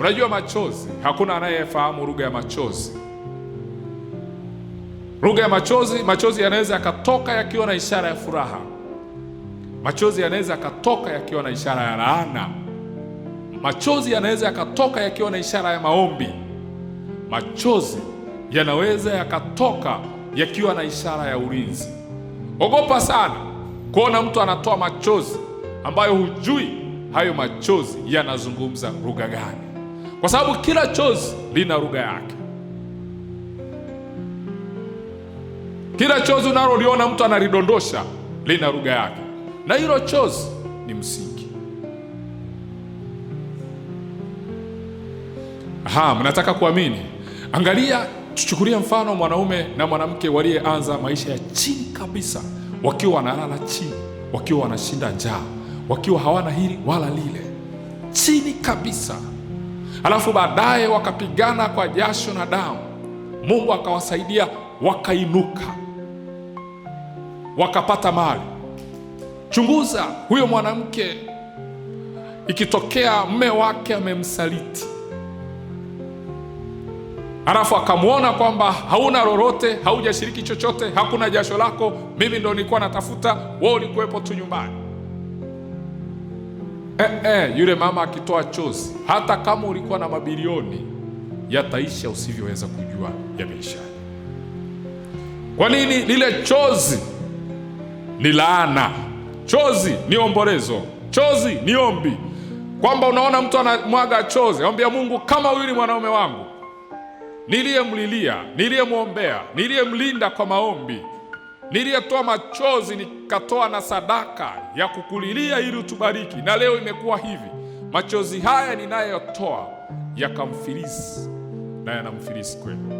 Unajua machozi, hakuna anayefahamu lugha ya machozi. Lugha ya machozi, machozi yanaweza yakatoka yakiwa na ishara ya furaha, machozi yanaweza yakatoka yakiwa na ishara ya laana, machozi yanaweza yakatoka yakiwa na ishara ya maombi, machozi yanaweza yakatoka yakiwa na ishara ya ulinzi. Ogopa sana kuona mtu anatoa machozi ambayo hujui hayo machozi yanazungumza lugha gani kwa sababu kila chozi lina lugha yake. Kila chozi unaloliona mtu analidondosha lina lugha yake, na hilo chozi ni msingi. Aha, mnataka kuamini? Angalia, tuchukulie mfano mwanaume na mwanamke walieanza maisha ya chini kabisa, wakiwa wanalala chini, wakiwa wanashinda njaa, wakiwa hawana hili wala lile, chini kabisa Alafu baadaye wakapigana kwa jasho na damu, Mungu akawasaidia wakainuka, wakapata mali. Chunguza huyo mwanamke, ikitokea mme wake amemsaliti, alafu akamwona kwamba hauna lolote, haujashiriki chochote, hakuna jasho lako, mimi ndo nilikuwa natafuta, wewe ulikuwepo tu nyumbani eh, eh, yule mama akitoa chozi, hata kama ulikuwa na mabilioni, yataisha usivyoweza kujua yameisha. Kwa nini? Lile chozi ni laana, chozi ni ombolezo, chozi ni ombi, kwamba unaona mtu anamwaga chozi, anamwambia Mungu, kama huyu ni mwanaume wangu niliyemlilia, niliyemwombea, niliyemlinda kwa maombi niliyetoa machozi nikatoa na sadaka ya kukulilia ili utubariki, na leo imekuwa hivi, machozi haya ninayotoa yakamfilisi na yanamfilisi kwenu.